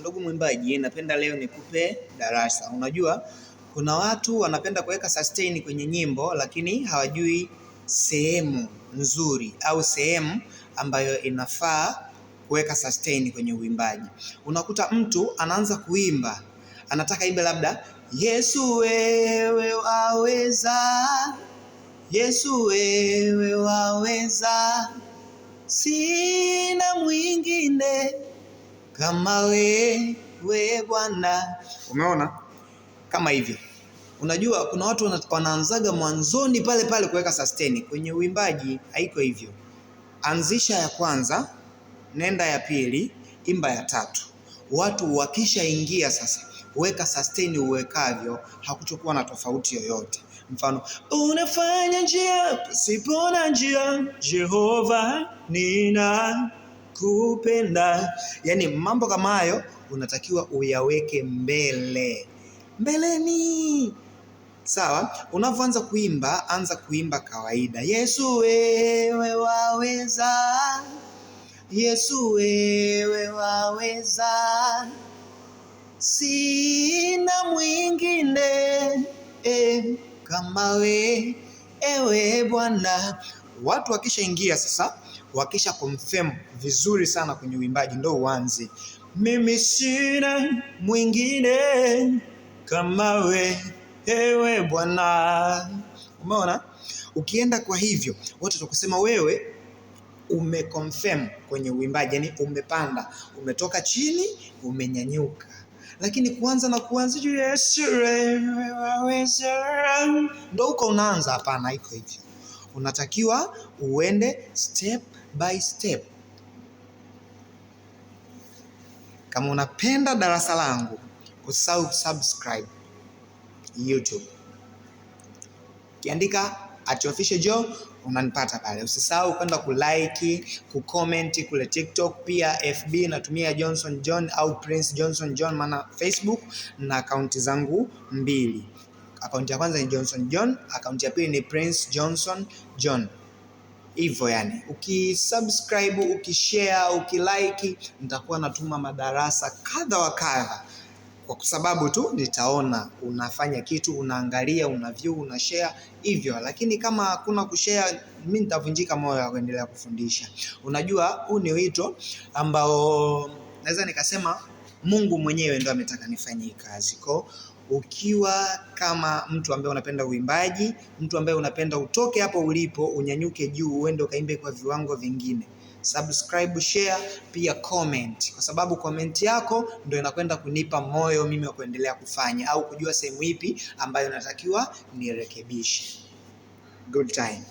ndugu mwimbaji, napenda leo nikupe darasa. Unajua kuna watu wanapenda kuweka sustain kwenye nyimbo, lakini hawajui sehemu nzuri au sehemu ambayo inafaa kuweka sustain kwenye uimbaji. Unakuta mtu anaanza kuimba, anataka imbe labda Yesu wewe waweza, Yesu wewe waweza, sina mwingine kama wewe Bwana. Umeona kama hivyo. Unajua kuna watu wanaanzaga mwanzoni pale pale kuweka sustain kwenye uimbaji. Haiko hivyo, anzisha ya kwanza, nenda ya pili, imba ya tatu. Watu wakishaingia sasa, weka sustain uwekavyo, hakuchokuwa na tofauti yoyote. Mfano, unafanya njia sipona njia, Jehova nina kupenda. yani mambo kama hayo unatakiwa uyaweke mbele mbeleni. Sawa, unavyoanza kuimba, anza kuimba kawaida. Yesu wewe waweza, Yesu wewe waweza, sina mwingine e, kama we ewe Bwana. Watu wakishaingia sasa wakisha confirm vizuri sana kwenye uimbaji ndo uanze, mimi sina mwingine kama wewe Bwana. Umeona, ukienda kwa hivyo watu watakusema wewe umeconfirm kwenye uimbaji, yani umepanda, umetoka chini, umenyanyuka. Lakini kuanza na kuanza juu ndo uko unaanza, hapana, iko hivyo. Unatakiwa uende step by step. Kama unapenda darasa langu, usisahau subscribe YouTube, ukiandika at official Joh unanipata pale. Usisahau kwenda kulike, kucomment kule TikTok, pia FB natumia Johnson John au Prince Johnson John, maana Facebook na akaunti zangu mbili. Akaunti ya kwanza ni Johnson John, akaunti ya pili ni Prince Johnson John hivyo yani, ukisubscribe, ukishare, ukilike, nitakuwa natuma madarasa kadha wa kadha, kwa sababu tu nitaona unafanya kitu, unaangalia, una view, una share hivyo. Lakini kama hakuna kushare, mimi nitavunjika moyo wa kuendelea kufundisha. Unajua, huu ni wito ambao naweza nikasema Mungu mwenyewe ndo ametaka nifanye kazi kwao ukiwa kama mtu ambaye unapenda uimbaji, mtu ambaye unapenda utoke hapo ulipo, unyanyuke juu, uende ukaimbe kwa viwango vingine. Subscribe, share, pia comment, kwa sababu comment yako ndio inakwenda kunipa moyo mimi wa kuendelea kufanya au kujua sehemu ipi ambayo natakiwa nirekebishe. Good time.